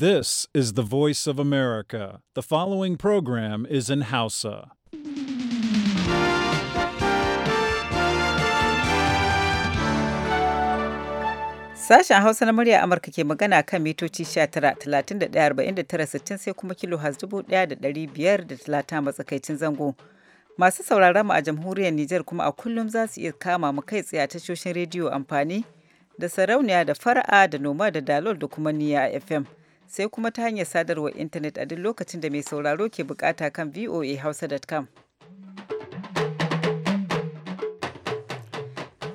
This is the voice of America. The following program is in Hausa. Sashen Hausa na murya Amurka ke magana kan mitoci 19,31,49,60 sai kuma kilo talata matsakaicin zango. Masu sauraron mu a jamhuriyar Nijar kuma a kullum za su iya kama mu kai tsaye a tashoshin rediyo amfani da sarauniya da fara'a da noma da dalol da kuma niya FM. sai kuma ta hanyar sadarwar intanet a duk lokacin da mai sauraro ke bukata kan voahausa.com.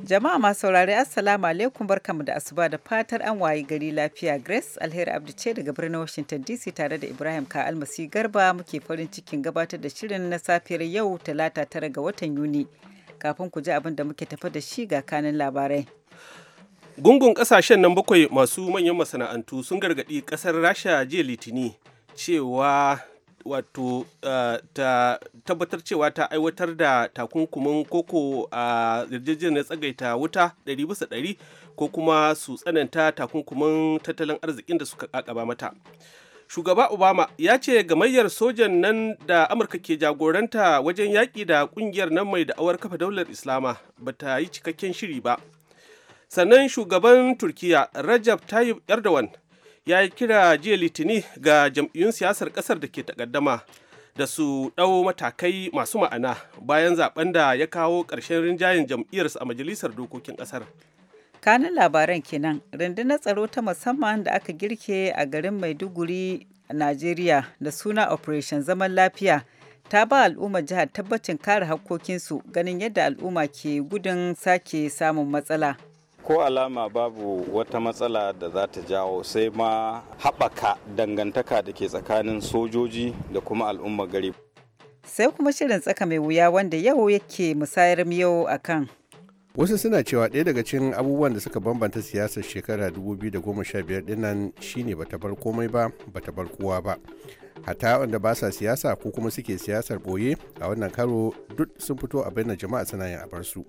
Jama'a masu saurari Assalamu alaikum barkamu da asuba da fatar an wayi gari lafiya Grace Alheri Abdu ce daga birnin Washington DC tare da Ibrahim Ka Almasi Garba muke farin cikin gabatar da shirin na safiyar yau talata tara ga watan Yuni. Kafin ku ji abin da muke tafa da shi ga kanin labarai. gungun kasashen nan bakwai masu manyan masana'antu sun gargaɗi ƙasar rasha jiya litini cewa wato eh, ta tabbatar cewa ta aiwatar da takunkumin koko a yarjejeniyar tsagaita wuta ɗari bisa 100 ko kuma su tsananta takunkumin tattalin arzikin da suka kakaba mata shugaba obama ya ce gamayyar sojan nan da amurka ke jagoranta wajen yaƙi da ƙungiyar nan mai da'awar kafa daular islama ba ta yi cikakken shiri ba sannan shugaban turkiya rajab tayyip erdogan ya yi kira jiya litini ga jam'iyyun siyasar kasar da ke takaddama da su ɗau matakai masu ma'ana bayan zaben da ya kawo karshen rinjayen jam'iyyarsa a majalisar dokokin ƙasar kanin labaran kenan rundunar tsaro ta musamman da aka girke a garin maiduguri nigeria da suna operation zaman lafiya ta ba al'ummar jihar tabbacin kare hakkokinsu ganin yadda al'umma ke gudun sake samun matsala ko alama babu wata matsala da za ta jawo sai ma haɓaka dangantaka da ke tsakanin sojoji da kuma al'umma gari sai kuma shirin tsaka mai wuya wanda yau yake musayar miyau a kan wasu suna cewa ɗaya daga cikin abubuwan da suka bambanta siyasar shekara 2015 dinnan shine bata bar komai ba bata bar kowa ba hata wanda ba sa siyasa ko kuma suke siyasar boye a wannan karo duk sun fito a bayyana jama'a suna yin bar su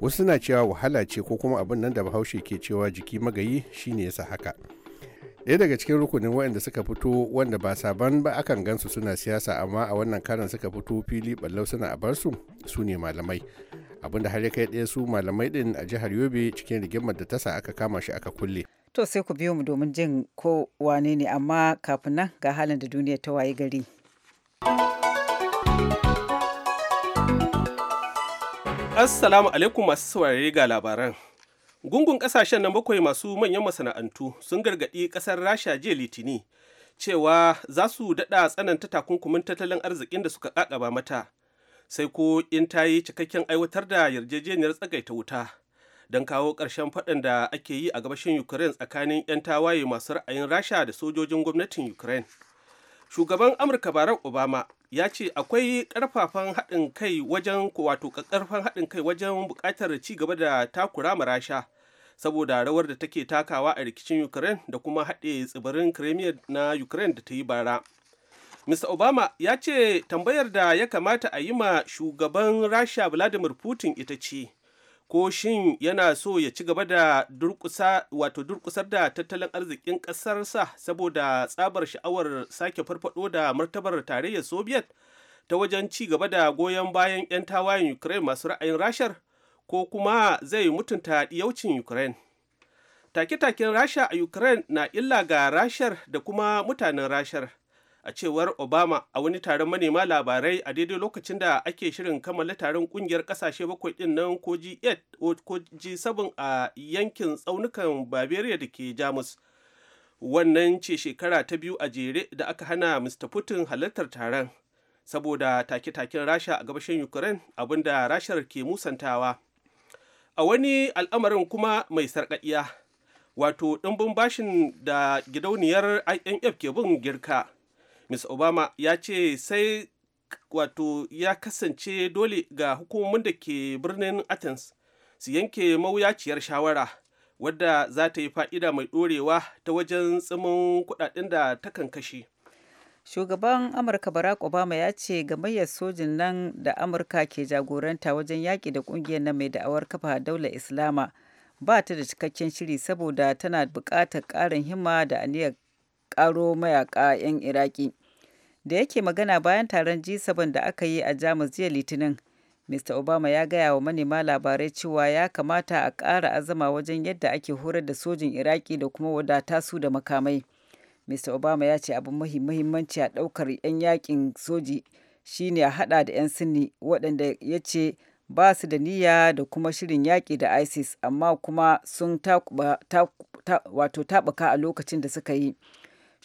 wasu na cewa wahala ce ko kuma abin nan da bahaushe ke cewa jiki magayi shine yasa haka ɗaya daga cikin rukunin waɗanda suka fito wanda ba saban ba akan gansu suna siyasa amma a wannan karan suka fito fili ballau suna a bar su su ne malamai abinda har ya kai ɗaya su malamai din a jihar yobe cikin rigimar da tasa aka kama shi aka kulle to sai ku biyo mu domin jin ko wane ne amma kafin nan ga halin da duniya ta waye gari. Assalamu alaikum masu saurare ga labaran. Gungun kasashen na bakwai masu manyan masana'antu sun gargaɗi ƙasar Rasha jiya Litini cewa za su daɗa tsananta takunkumin tattalin arzikin da suka ƙaƙaba mata. Sai ko in ta yi cikakken aiwatar da yarjejeniyar tsagaita wuta don kawo ƙarshen faɗin da ake yi a gabashin Ukraine tsakanin 'yan tawaye masu ra'ayin Rasha da sojojin gwamnatin Ukraine. Shugaban Amurka Barack Obama ya ce akwai karfafan haɗin kai wajen wato karfafan haɗin kai wajen buƙatar ci gaba da takura ma rasha saboda rawar da take takawa a rikicin ukraine da kuma haɗe tsibirin crimea na ukraine da ta yi bara mr obama ya ce tambayar da ya kamata a yi ma shugaban rasha vladimir putin ita ce ko shin yana so ya ci gaba da wato durkusar da tattalin arzikin ƙasarsa saboda tsabar sha'awar sake farfado da martabar tarayyar soviet ta wajen ci gaba da goyon bayan 'yan tawayen ukraine masu ra'ayin rashar ko kuma zai mutunta diyaucin ukraine take-taken rasha a ukraine na illa ga rashar da kuma mutanen rashar a cewar obama a wani taron manema labarai a daidai lokacin da ake shirin kammala taron kungiyar kasashe bakwai din nan ko g8 ko g7 a yankin tsaunukan bavaria da ke jamus wannan ce shekara ta biyu a jere da aka hana mr putin halartar taron saboda take-taken rasha a gabashin ukraine abinda rashar ke musantawa a wani al'amarin kuma mai sarƙaƙiya wato ɗumbin bashin da gidauniyar inf ke bin girka Ms. Obama ya ce sai wato ya kasance dole ga hukumomin da ke birnin Athens su yanke mawuyaciyar shawara wadda za ta yi fa'ida mai ɗorewa ta wajen tsimin kuɗaɗen da ta kan kashe. Shugaban Amurka Barack Obama ya ce gamayyar sojin nan da Amurka ke jagoranta wajen yaƙi da ƙungiyar na mai da'awar kafa daular Islama ba ta da cikakken shiri saboda tana buƙatar ƙarin himma da aniyar karo mayaka 'yan iraki da yake magana bayan taron g7 da aka yi a jamus jiya litinin mr obama ya gaya wa manema labarai cewa ya kamata a ƙara azama wajen yadda ake horar da sojin iraki da kuma wadata su da makamai mr obama ya ce abin muhimmanci a ɗaukar 'yan yakin soji shine a hada da 'yan sinni waɗanda ya ce ba su da niyya da kuma shirin yaƙi da isis amma kuma sun wato taɓuka a lokacin da suka yi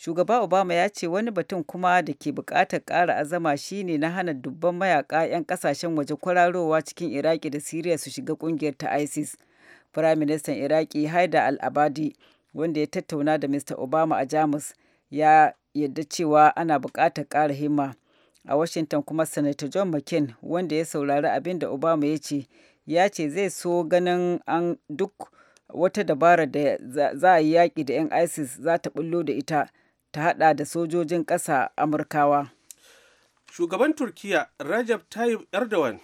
shugaba obama ya ce wani batun kuma da ke bukatar ƙara azama shine na hana dubban mayaka 'yan kasashen waje kwararowa cikin iraki da siriya su shiga kungiyar ta isis firaministan iraki haida al-abadi wanda ya tattauna da mr obama a jamus ya yadda cewa ana bukatar ƙara himma a washington kuma senator john mccain wanda ya saurari abin da obama ya ce ya ce zai so ganin an duk wata dabara da za a yi yaƙi da 'yan isis za ta bullo da ita ta hada da sojojin ƙasa amurkawa shugaban Turkiyya, rajab tayyip erdogan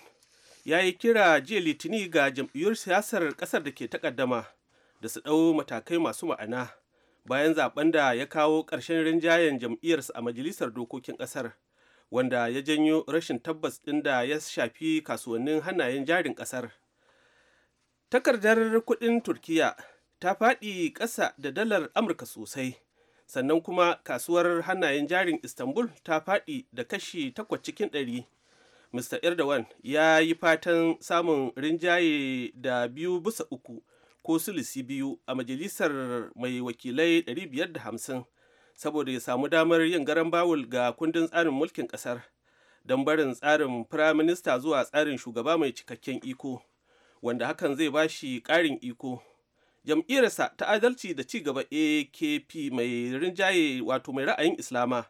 ya yi kira jiya litini ga jam'iyyar siyasar ƙasar da ke takaddama da su ɗau matakai masu ma'ana bayan zaben da ya kawo ƙarshen rinjayen jam'iyyarsa a majalisar dokokin ƙasar wanda ya janyo rashin tabbas ɗin da ya shafi kasuwannin hannayen jarin ƙasar takardar kuɗin Turkiyya ta faɗi ƙasa da dalar amurka sosai sannan kuma kasuwar hannayen jarin istanbul ta faɗi da kashi takwas cikin ɗari. mr erdogan ya yi fatan samun rinjaye da biyu bisa uku ko sulisi biyu a majalisar mai wakilai 550 saboda ya samu damar yin garan bawul ga kundin tsarin mulkin kasar don barin tsarin firaminista zuwa tsarin shugaba mai cikakken iko wanda hakan zai ba shi ƙarin iko jam'iyyarsa ta adalci da ci gaba akp mai rinjaye wato mai ra'ayin islama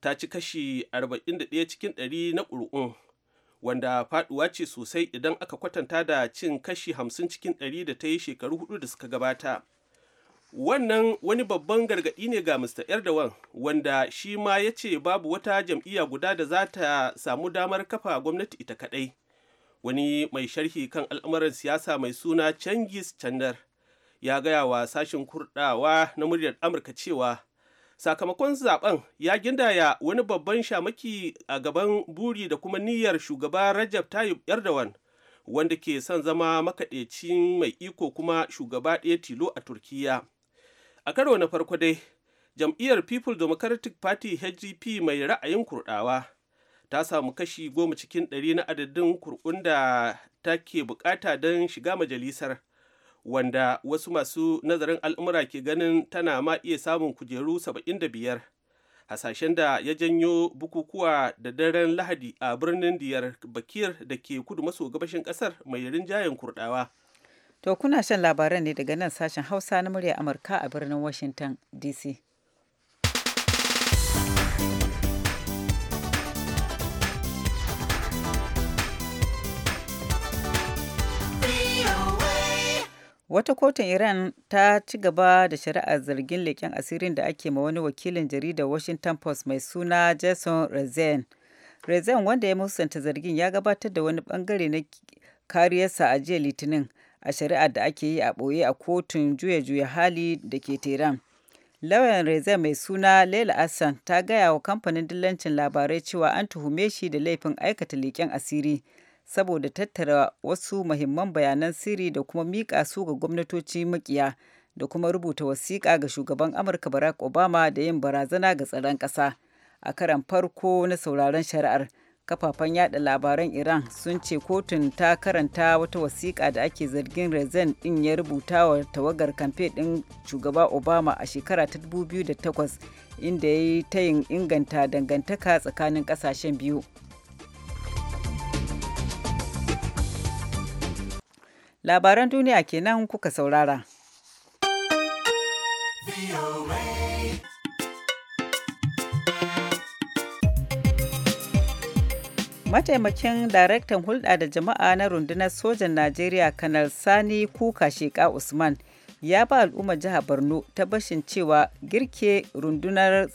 ta ci kashi 41 cikin 100 na ƙuri'un wanda faduwa ce sosai idan aka kwatanta da cin kashi 50 cikin 100 da ta yi shekaru hudu da suka gabata wannan wani babban gargaɗi ne ga mr erdogan wanda shi ma ya ce babu wata jam'iyya guda da za ta samu damar kafa gwamnati ita kaɗai wani mai sharhi kan al'amuran siyasa mai suna changis chandar ya gaya wa sashen kurdawa na muryar amurka cewa sakamakon zaben ya gindaya wani babban shamaki a gaban buri da kuma niyyar shugaba rajab tayyip erdogan wanda ke son zama makaɗeci mai iko kuma shugaba ɗaya tilo a turkiya a karo na farko dai jam'iyyar people democratic party hgp mai ra'ayin kurdawa ta samu kashi goma cikin ɗari na adadin kurkun da take bukata don shiga majalisar wanda wasu masu nazarin al'umura ke ganin tana ma iya samun kujeru 75 hasashen da ya janyo bukukuwa da daren lahadi a birnin diyar bakir da ke kudu maso gabashin kasar mai rinjayen kurdawa to kuna shan labaran ne daga nan sashen hausa na murya amurka a birnin washington dc wata kotun iran ta ci gaba da shari'ar zargin leƙen asirin da ake ma wani wakilin jaridar washington post mai suna jason rezen rezen wanda ya musanta zargin ya gabatar da wani bangare na kariyarsa a jiya litinin a shari'ar da ake yi a ɓoye a kotun juya-juya hali da ke teran lauyan rezen mai suna laila assan ta gaya wa kamfanin dillancin labarai cewa an tuhume shi da laifin aikata leƙen asiri saboda tattara wasu mahimman bayanan sirri da kuma miƙa su ga gwamnatoci makiya da kuma rubuta wasiƙa ga shugaban Amurka Barack Obama da yin barazana ga tsaron ƙasa. A karan farko na sauraron shari'ar, kafafen yada labaran Iran sun ce kotun ta karanta wata wasiƙa da ake zargin Rezan ɗin ya rubuta wa tawagar kamfe ɗin shugaba Obama a shekara ta 2008 inda ya yi tayin inganta dangantaka tsakanin ƙasashen biyu. Labaran duniya kenan kuka saurara. Mataimakin daraktan hulɗa da jama'a na rundunar sojan Najeriya kanar Sani Kuka Sheka Usman ya ba al'ummar jihar Borno bashin cewa girke rundunar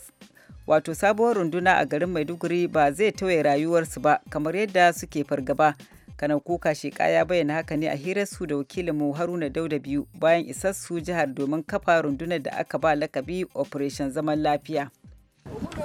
wato sabuwar runduna a garin Maiduguri ba zai tawaye rayuwarsu ba kamar yadda suke fargaba. kanan kuka sheka ya bayyana haka ne a hirar su da wakilin mu haruna dauda biyu bayan isar su jihar domin kafa rundunar da aka ba lakabi operation zaman lafiya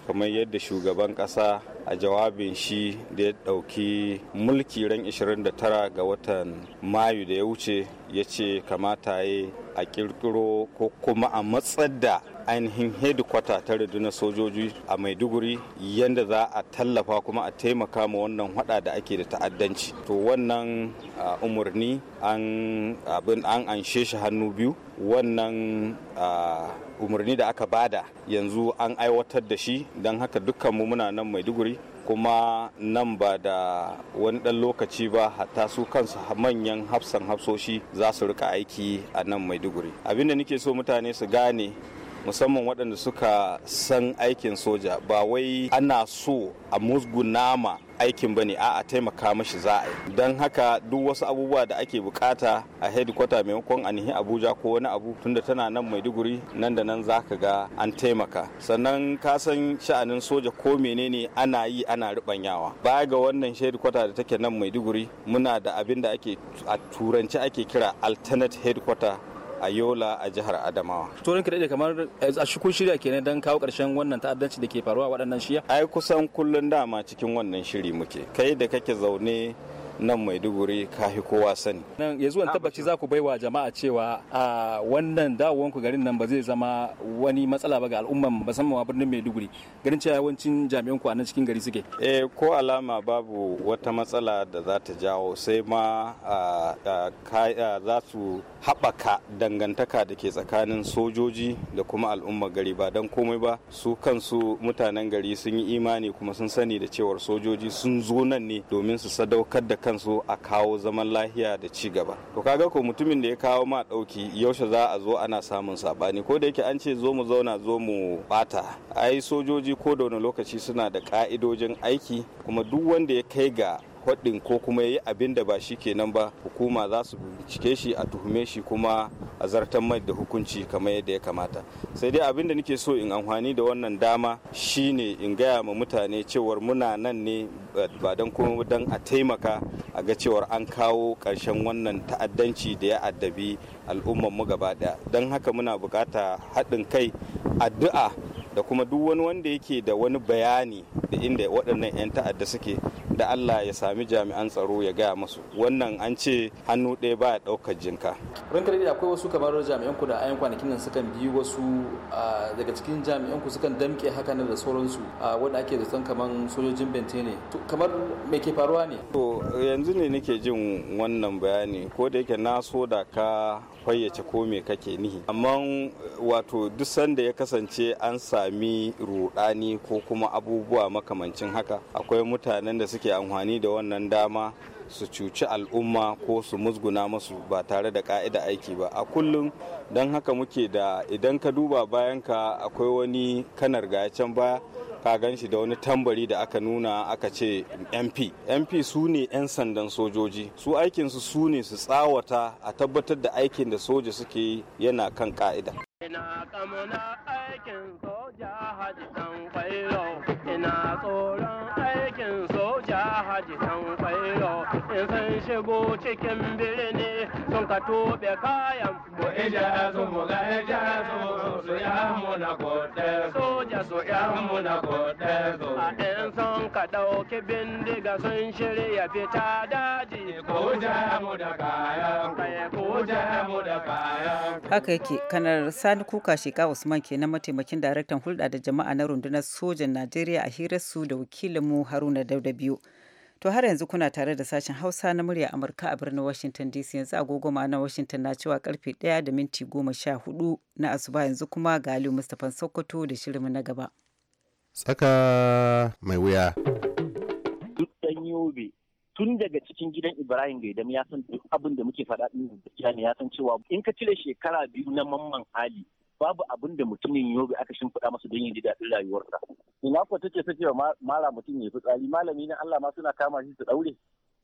kamar yadda shugaban kasa a jawabin shi da ya dauki mulki ran 29 ga watan mayu da ya wuce ya ce kamata ya yi a kirkiro ko kuma a matsar da ainihin hedikwata ta rundunar sojoji a maiduguri yadda za a tallafa kuma a taimaka ma wannan hada da ake da ta'addanci to wannan umarni an abin an anshe shi hannu biyu wannan umarni da aka bada yanzu an aiwatar da shi don haka dukkanmu muna nan maiduguri kuma nan ba da wani dan lokaci ba hatta su kansu manyan hafsan hafsoshi za su rika aiki a nan maiduguri abinda nake so mutane su gane musamman waɗanda suka san aikin soja ba wai ana so a nama aikin bane a a taimaka mashi za a yi don haka duk wasu abubuwa da ake bukata a headquarter maimakon a nihin abuja ko wani abu tunda tana nan maiduguri nan da nan za ka ga an taimaka sannan ka san sha'anin soja ko menene ana yi ana ribanyawa baya ga wannan headquarter da take nan maiduguri muna da abin da ake a turanci ake kira alternate headquarter a yola a jihar adamawa turin kira kamar eh, a shikun shirya kenan don kawo karshen wannan ta'addanci da ke faruwa waɗannan shiya ai kusan kullum dama cikin wannan shiri muke kai da kake zaune nan maiduguri kahi kowa sani nan ya zuwan tabbaci za ku baiwa jama'a cewa a wannan dawowanku garin nan ba zai zama wani matsala ba ga al'umman musamman birnin maiduguri garin cewa yawancin jami'an ku a nan cikin gari suke eh ko alama babu wata matsala da za ta jawo sai ma za su haɓaka dangantaka da ke tsakanin sojoji da kuma al'ummar gari ba don komai ba su kansu mutanen gari sun yi imani kuma sun sani da cewar sojoji sun zo nan ne domin su sadaukar da kansu a kawo zaman lahiya da ci gaba to kaga ko mutumin da ya kawo ma dauki yaushe za a zo ana samun sabani ko da yake an ce zo mu zauna zo mu bata ai sojoji ko da wani lokaci suna da ka'idojin aiki kuma duk wanda ya kai ga faɗin ko kuma ya yi abin da ba shi kenan ba hukuma za su bincike shi a tuhume shi kuma a zartan mai da hukunci kamar yadda ya kamata sai dai abin da nake so in amfani da wannan dama shine in gaya ma mutane cewar muna nan ne ba don kuma don a taimaka a ga cewar an kawo ƙarshen wannan ta'addanci da ya addabi al'ummar mu gaba daya don haka muna bukata haɗin kai addu'a da kuma duk wani wanda yake da wani bayani da inda waɗannan 'yan ta'adda suke da Allah ya sami jami'an tsaro ya gaya masu wannan an ce hannu ɗaya ba ya ɗaukar jinka. kare da akwai wasu kamar jami'an ku da ayan kwanakin nan sukan biyu wasu daga cikin jami'an ku sukan damke haka da sauransu wanda ake zaton kamar sojojin bente ne kamar me ke faruwa ne. To yanzu ne nake jin wannan bayani ko da yake na so da ka fayyace ko me kake nihi amma wato duk sanda ya kasance an sami ruɗani ko kuma abubuwa makamancin haka akwai mutanen da suke suke amfani da wannan dama su cuci al'umma ko su musguna masu ba tare da ka'ida aiki ba a kullum don haka muke da idan ka duba bayan ka akwai wani kanar gaya can baya ka gan shi da wani tambari da aka nuna aka ce mp mp su ne 'yan sandan sojoji su aikinsu su ne su tsawata a tabbatar da aikin da soja suke yana kan ka'ida. shigo cikin birni sun ka tobe kayan mu ija su mu ga ija su su ya mu na kote soja su ya mu na kote so a ɗin sun ka ɗauki bindiga sun shirya fita daji ko ja mu da kayan ko ja mu da kayan haka yake kanar sani kuka sheka usman ke na mataimakin daraktan hulɗa da jama'a na rundunar sojan najeriya a hirar su da wakilinmu haruna dauda biyu To har yanzu kuna tare da sashen Hausa na murya Amurka a birnin Washington DC yanzu agogo na Washington na cewa karfe 1 da minti 14 na asuba yanzu kuma ga Aliyu Mustapha Sokoto da shirinmu na gaba. Tsaka mai wuya. Duk dan yobe tun daga cikin gidan Ibrahim Gaidam ya san duk abin da muke faɗa din ya san cewa in ka cire shekara biyu na mamman hali babu abin da mutumin yobe aka shimfiɗa masa don yin ji daɗin rayuwarsa ina ko take ta cewa mala mutum ya fitsari malami ne Allah ma suna kama shi su ɗaure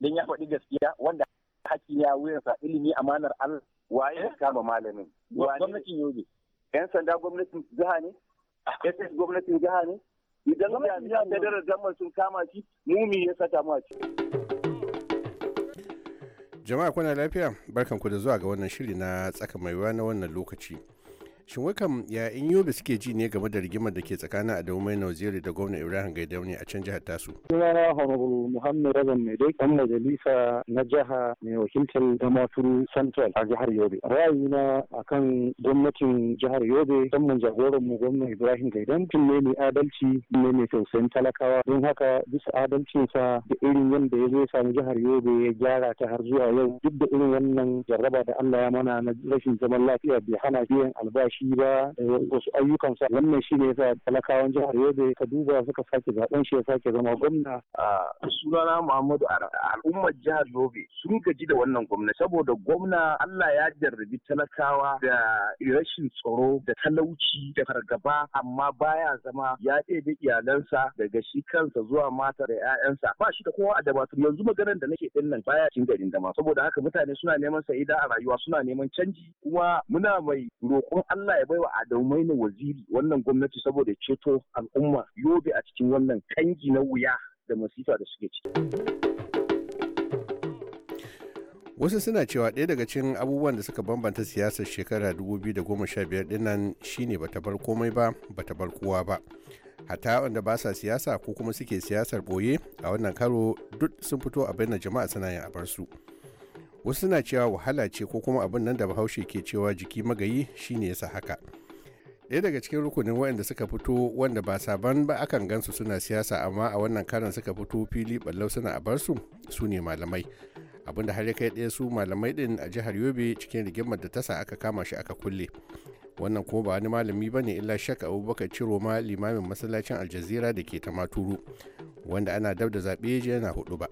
don ya faɗi gaskiya wanda haƙƙi ya wuyansa ilimi amanar Allah waye ya kama malamin gwamnatin yobe yan sanda gwamnatin jiha ne ss gwamnatin jiha ne idan jami'an federal government sun kama shi mumi ya saka mu a jama'a kuna lafiya barkanku da zuwa ga wannan shiri na tsaka mai na wannan lokaci shin wakan ya in yobe suke ji ne game da rigimar da ke tsakanin adamu mai da gwamnan ibrahim gaidauni a can jihar tasu sunana honorable muhammad razan mai dai kan majalisa na jiha mai wakiltar damaturu central a jihar yobe na a kan gwamnatin jihar yobe musamman jagoran mu gwamnan ibrahim gaidan tun ne mai adalci ne mai tausayin talakawa don haka bisa adalcinsa da irin yadda ya zo ya samu jihar yobe ya gyara ta har zuwa yau duk da irin wannan jarraba da allah ya mana na rashin zaman lafiya bai hana biyan albashi shi ba eh, wasu sa wannan shi ne yasa talakawan jihar Yobe ka duba suka sake zaben shi ya sake zama gwamna a sunana Muhammadu al'ummar jihar Yobe sun gaji da wannan gwamna saboda gwamna Allah ya jarrabi talakawa da rashin tsaro da talauci da fargaba amma baya zama ya ɗebe iyalansa daga shi kansa zuwa mata da 'ya'yansa ba shi da kowa a dabatu yanzu maganar da nake ɗin nan baya cin garin dama saboda haka mutane suna neman sa'ida a rayuwa suna neman canji kuma muna mai rokon Allah Allah ya baiwa Adamu Maina waziri wannan gwamnati saboda ceto al'umma yobe a cikin wannan kangi na wuya da masifa da suke ciki. wasu suna cewa ɗaya daga cikin abubuwan da suka bambanta siyasar shekara 2015 dinnan shine bata bar komai ba bata bar kowa ba hatta wanda ba sa siyasa ko kuma suke siyasar boye a wannan karo duk sun fito a bayyana jama'a suna yin bar su wasu na cewa wahala ce ko kuma abin nan da bahaushe ke cewa jiki magayi shine yasa haka ɗaya daga cikin rukunin waɗanda suka fito wanda ba saban ba akan gansu suna siyasa amma a wannan karan suka fito fili ballau suna a bar su su ne malamai da har ya kai ɗaya su malamai ɗin a jihar yobe cikin rigimar da tasa aka kama shi aka kulle wannan kuma ba wani malami ba ne illa shak abubakar ciro ma limamin masallacin aljazira da ke tamaturu wanda ana dab da zaɓe yana hudu ba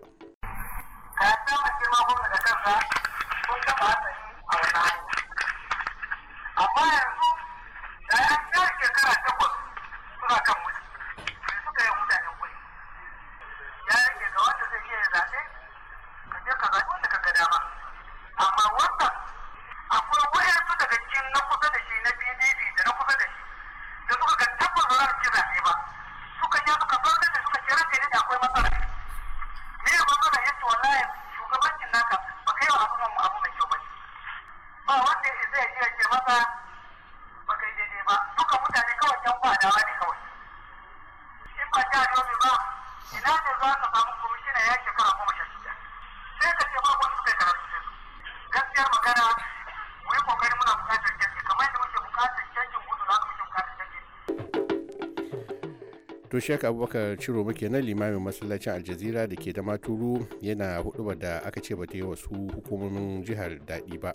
Sheikh abubakar ciro muke nan limamin masallacin aljazira da ke da maturu yana hudu da aka ce ba ta yi wasu hukumomin jihar daɗi ba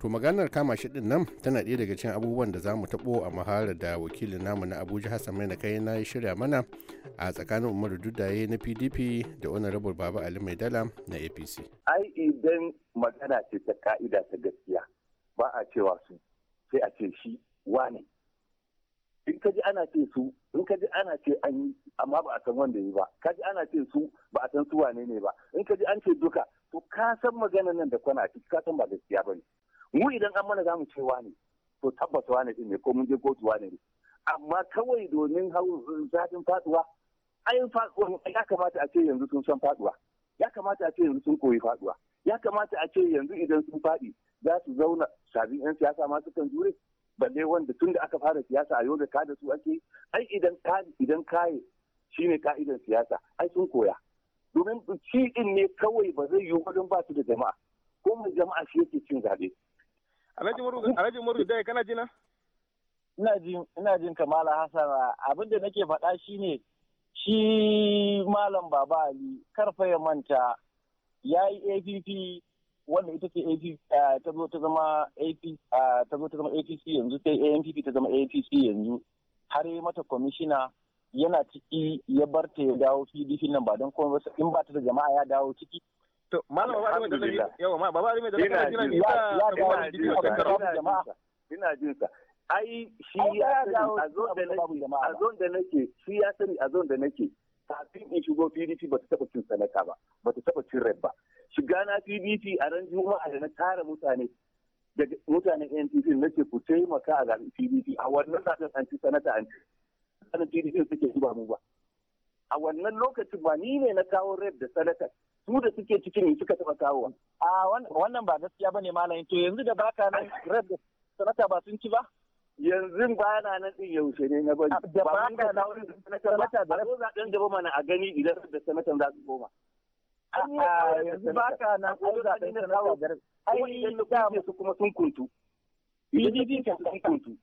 to maganar kama shi din nan tana ɗaya daga cikin abubuwan da za mu taɓo a mahara da wakilin namu na abuja hassan mai na kai na ya shirya mana a tsakanin umaru dudaye na pdp da honorable baba ali mai dala na apc ai idan magana ce ta ka'ida ta gaskiya ba a cewa su sai a ce shi wane in ka ji ana ce su in ka ji ana ce an yi amma ba a san wanda yi ba ka ji ana ce su ba a san su wane ne ba in ka ji an ce duka to ka san maganar nan da kwana ciki ka san ba gaskiya ba ne mu idan an mana zamu ce wane to tabbas wane ne ko mun je kotu wane ne amma kawai domin hau zafin faduwa ayin faduwa ya kamata a ce yanzu sun san faduwa ya kamata a ce yanzu sun koyi faduwa ya kamata a ce yanzu idan sun faɗi za su zauna sabin 'yan siyasa ma sukan jure balle wanda tun da aka fara siyasa a yau da ka da su ake ai idan ka idan kaye shine ka'idan siyasa ai sun koya domin shi din ne kawai ba zai yi wajen ba su da jama'a ko mai jama'a shi yake cin zabe Alhaji Umaru Dai kana jina? Ina jin ina jin Kamala Hassan abin da nake faɗa shine shi Malam Baba Ali karfa ya manta ya yi APP wanda ita ce uh, ta zo ta zama APC uh, yanzu sai ANPP ta zama APC yanzu har yi mata kwamishina yana ciki ya bar ta ya dawo PDP nan ba don kuma in ba ta da jama'a ya dawo ciki to malama ba mai da ba mai ina jin ba ina jin ai shi ya sani a zon da nake shi ya sani a zon da nake kafin in shigo pdp ba ta taɓa cin sanata ba ba ta taɓa cin red ba shiga na pdp a ran juma'a da na tara mutane daga mutanen ntc na ce ku taimaka a zaɓen PDP a wannan zaɓen an ci sanata an ci sanin PDP suke zuba mu ba a wannan lokacin ba ni ne na kawo red da sanata su da suke cikin ne suka taɓa kawo a wannan ba gaskiya ba ne malamin to yanzu da baka nan red da sanata ba sun ci ba yanzu ba na nan din yaushe ne na bari ah, ba na da wurin sanatan ba a zo zaben gaba mana a gani idan da sanatan za su koma ah, yanzu ba ka na ko zaben sanatan kuma idan na kuke su kuma sun kuntu PDP ka sun kuntu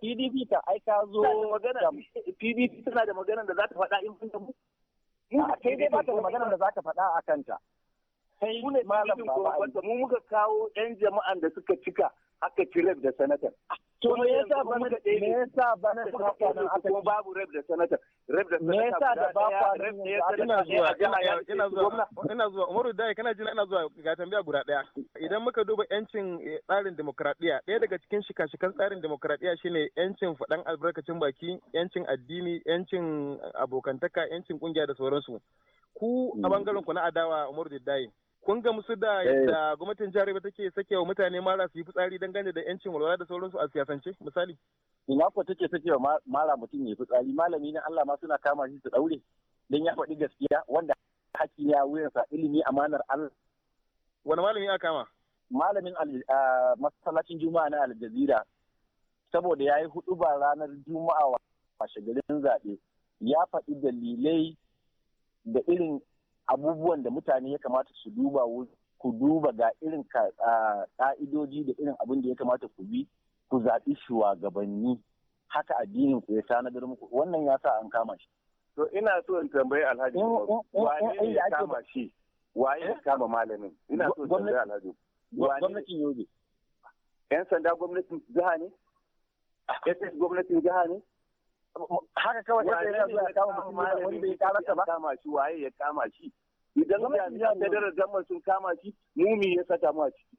PDP ah, ka ai ka zo PDP tana da magana da za ta faɗa in ban da mu kai dai ba ta da magana da za ta faɗa a kanta sai malam ba mu muka kawo 'yan jama'an da suka cika aka ci rep da sanatar. To me yasa bana da me yasa bana da haka nan ko babu rep da sanatar. Rep da me yasa da ba kwa ina zuwa ina zuwa ina zuwa Umaru Dai kana jin ina zuwa ga tambaya guda daya. Idan muka duba yancin eh, tsarin demokradiya ɗaya daga cikin shikashikan tsarin demokradiya shine yancin faɗan albarkacin baki, yancin addini, yancin eh, abokantaka, yancin kungiya da sauransu. Ku a bangaren hmm. ku na adawa Umaru Dai kun musu da eh. yadda gwamnatin jihar ba take sakewa mutane mara su yi fitsari dangane da yancin walwala da sauransu a siyasance misali ina ko take sakewa mara mutum ya yi fitsari malami na Allah ma suna kama shi su daure dan ya faɗi gaskiya wanda haƙƙi ya wuyan sa ilimi amanar Allah wani malami aka kama malamin masallacin juma'a na aljazira saboda ya yi hudu ba ranar juma'a wa shagarin zaɓe ya faɗi dalilai da irin abubuwan da mutane ya kamata su duba ku duba ga irin ka'idoji da irin abin da ya kamata ku bi ku zaɓi shugabanni haka addinin ku ya tanadar muku wannan ya sa an kama shi. To ina so in tambayi Alhaji wane ne ya kama shi waye ya eh? kama malamin ina so in tambayi Alhaji. Gwamnatin Yobe. 'Yan sanda gwamnatin jiha ne? Ah. SS gwamnatin jiha ne? haka kawai ya tsere ya kama mutum wani bai kama ba kama shi waye ya kama shi idan jami'an federal government sun kama shi mumi ya saka mu a ciki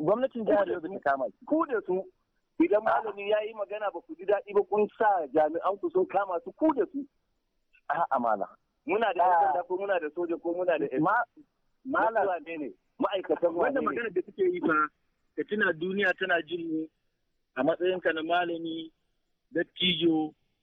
gwamnatin jihar da ta kama shi ku da su idan malami ya yi magana ba ku ji daɗi ba kun sa jami'an ku sun kama su ku da su a amana muna da sanda ko muna da soja ko muna da malam ne ma'aikatan ne? wanda magana da suke yi fa ka tuna duniya tana jin mu a matsayinka na malami dattijo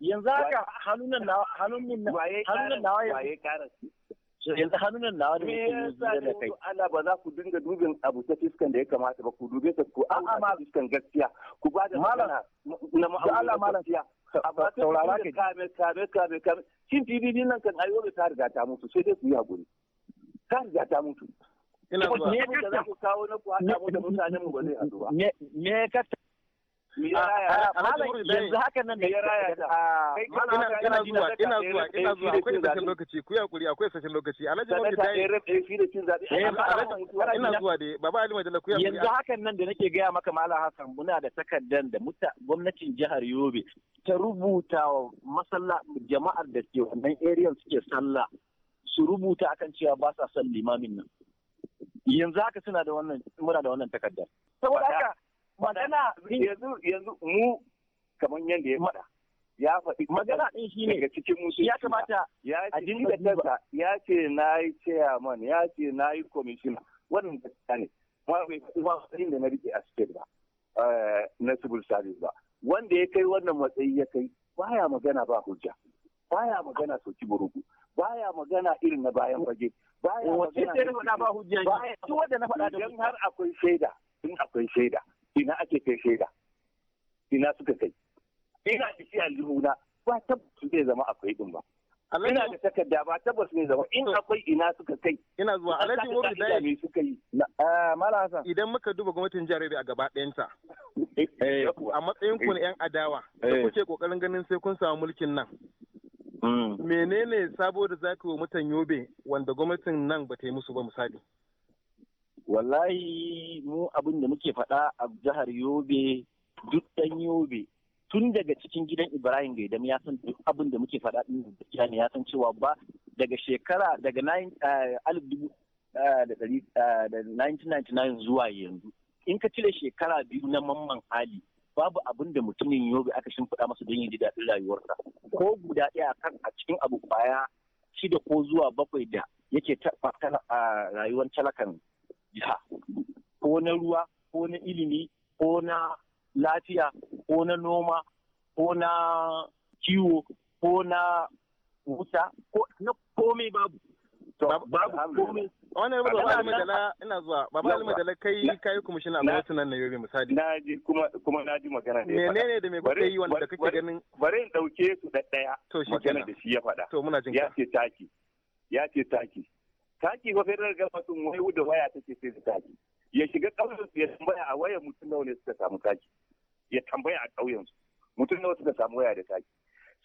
yanzu haka hannunan nawa hannunan nawa hannunan nawa yanzu hannunan nawa da yake da kai Allah ba za ku dinga dubin abu ta fiskan da ya kamata ba ku dube ta ku auna ta fiskan gaskiya ku ba da magana na ma'aula gaskiya amma ta saurara ka kame kame kame kame shin PDP nan kan ayo ta riga ta mutu sai dai ku yi hakuri ta riga ta mutu ina zuwa ne ka za ku kawo na ku hada mu da mutanen mu ba zai haɗu me me ka Ah, ah, yanzu ah, ina zuwa hakan nan da nake gaya maka malam hassan muna da takardar da gwamnatin jihar yobe ta rubuta wa masalla jama'ar da ke wannan area suke sallah su rubuta akan cewa ba sa son limamin nan yanzu haka suna da wannan muna takardar magana yanzu yanzu mu kamar yadda ya faɗa ya faɗi magana ɗin shi ne cikin musu ya kamata a dinga tasa ya ce na yi chairman ya ce na yi commissioner wannan gaskiya ne ma bai faɗi ma da na rike a state ba eh, na civil service ba wanda ya kai wannan matsayi ya kai baya magana ba hujja baya magana soki burugu baya magana irin na bayan fage baya magana ba hujja baya wanda na faɗa da har akwai shaida in akwai shaida ina ake kai shaida ina suka kai ina da shi aljihuna ba tabbas zai zama akwai din ba ina da takarda ba tabbas ne zama in akwai ina suka kai ina zuwa alhaji mobi da yi suka yi eh, mala hasan idan muka duba gwamnatin jihar Yobe a gaba ɗayanta eh, eh. a matsayin ku na yan adawa da kuke kokarin ganin sai kun samu mulkin nan mm. menene sabo da zaka yi wa mutan Yobe wanda gwamnatin nan ba ta yi musu ba misali Wallahi mu abin da muke faɗa a jihar Yobe duk ɗan Yobe tun daga cikin gidan Ibrahim Gaidam ya san duk abin da muke faɗa ɗin gaskiya ne ya san cewa ba daga shekara daga 1999 eh, eh, eh, zuwa yanzu in ka cire shekara biyu na mamman hali babu abin da mutumin yobe aka shimfiɗa masa don yin ji daɗin rayuwarsa ko guda ɗaya kan a cikin abu baya shida ko zuwa bakwai da yake taɓa a rayuwar talakan jiha ko na ruwa ko na ilimi ko na lafiya ko na noma ko na kiwo ko na wuta ko na komai babu babu komai wani abu da malami dala ina zuwa babu malami dala kai kai kwamishina a gwamnatin nan na yobe misali na ji kuma kuma na ji magana da ya ne da me kuka yi wanda kake ganin bari in dauke su da daya to shi magana da shi ya faɗa to muna jin ya ce taki ya ce taki taki ba federal government din wai da waya take sai da taki ya shiga ƙauyen su ya tambaya a wayar mutum nawa ne suka samu taki ya tambaya a ƙauyen su mutum nawa suka samu waya da taki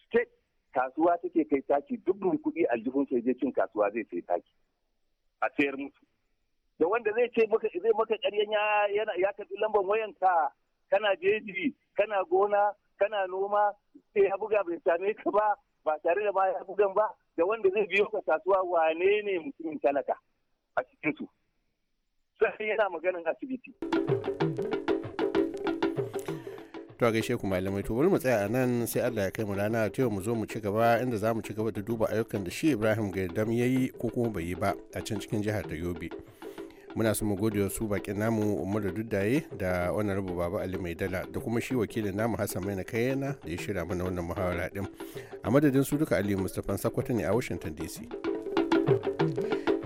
state kasuwa take kai taki duk mai kuɗi aljihun sai je cin kasuwa zai sai taki a sayar musu da wanda zai ce maka zai maka ƙaryan ya ya karɓi lambar wayanka kana jeji kana gona kana noma sai ya buga bai same ka ba ba tare da ma ya bugan ba da wanda zai biyo ka kasuwa wane ne mutumin talaka a cikinsu sai yana maganin asibiti to a gaishe ku malamai to bari mu tsaya a nan sai Allah ya kai mu rana ta yau mu zo mu ci gaba inda za mu ci gaba da duba ayyukan da shi Ibrahim Gaidam ya yi ko kuma bai yi ba a can cikin jihar da Yobe muna su mu gode su bakin namu umaru duddaye da wani honorable baba ali mai dala da kuma shi wakilin namu hassan mai na kayana da ya shirya mana wannan muhawara din a madadin su duka ali mustapha sakwato ne a washington dc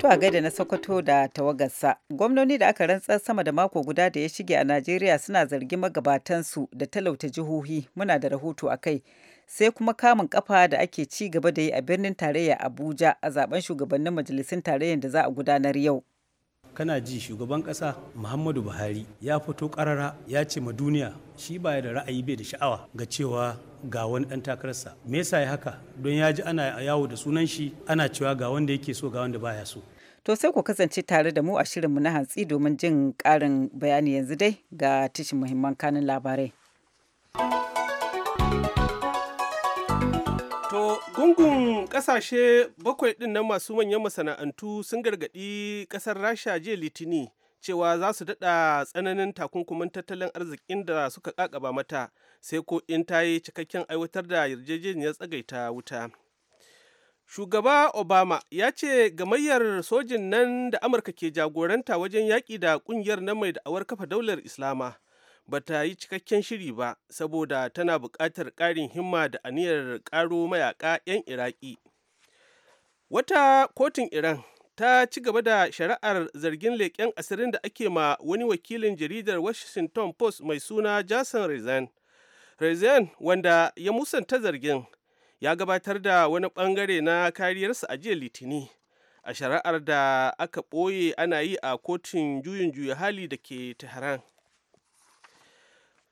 To a gaida na sakwato da tawagarsa, gwamnoni da aka rantsar sama da mako guda da ya shige a Najeriya suna zargin magabatansu da talauta jihohi muna da rahoto a kai. Sai kuma kamun kafa da ake ci gaba da yi a birnin tarayya Abuja a zaben shugabannin majalisun tarayyar da za a gudanar yau. kana ji shugaban ƙasa muhammadu buhari ya fito ƙarara ya ce ma duniya shi baya da ra'ayi bai da sha'awa ga cewa ga wani ɗan takararsa me yasa ya haka don ya ji ana yawo da sunan shi ana cewa ga wanda yake so ga wanda baya so to sai ku kasance tare da mu a shirinmu na hantsi domin jin ƙarin bayani yanzu dai ga tashin muhimman kanin labarai To gungun kasashe bakwai ɗin na masu manyan masana'antu sun gargaɗi ƙasar Rasha jiya Litini cewa za su daɗa tsananin takunkumin tattalin arzikin da suka ƙaƙaba mata sai ko in ta yi cikakken aiwatar da yarjejeniyar tsagaita wuta. Shugaba Obama ya ce gamayyar sojin nan da Amurka ke jagoranta wajen yaƙi da ƙungiyar na mai da'awar kafa daular Islama ba ta yi cikakken shiri ba saboda tana buƙatar ƙarin himma da aniyar ƙaro mayaƙa 'yan iraki wata kotun iran ta ci gaba da shari'ar zargin leƙen asirin da ake ma wani wakilin jaridar washington post mai suna jason rezan rezan wanda ya musanta zargin ya gabatar da wani bangare na kariyarsa a jiya litini a shari'ar da aka ɓoye ana yi a kotun juyin juya hali da ke tehran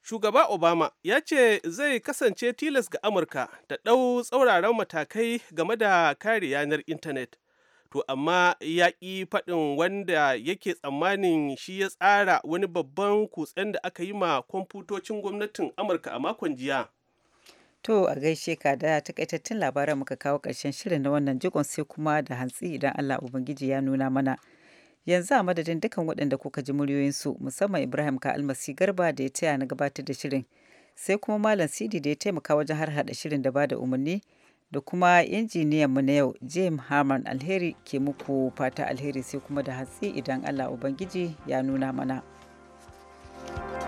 shugaba obama ya ce zai kasance tilas ga amurka ta ɗau tsauraran matakai game da kare yanar intanet to amma ya ƙi faɗin wanda yake tsammanin shi ya tsara wani babban kutsen da aka yi ma kwamfutocin gwamnatin amurka a makon jiya to a gaishe ka da takaitattun labaran muka kawo ƙarshen shirin na wannan jigon sai kuma da hantsi idan allah ubangiji ya nuna mana yanzu a madadin dukkan waɗanda kuka ji muryoyinsu musamman ibrahim ka almasi garba da ya taya na gabatar da shirin sai kuma malam sidi da ya taimaka wajen har hada shirin da bada umarni da kuma injiniyan mu na yau jim harman alheri ke muku fata alheri sai kuma da hatsi idan allah ubangiji ya nuna mana. thank you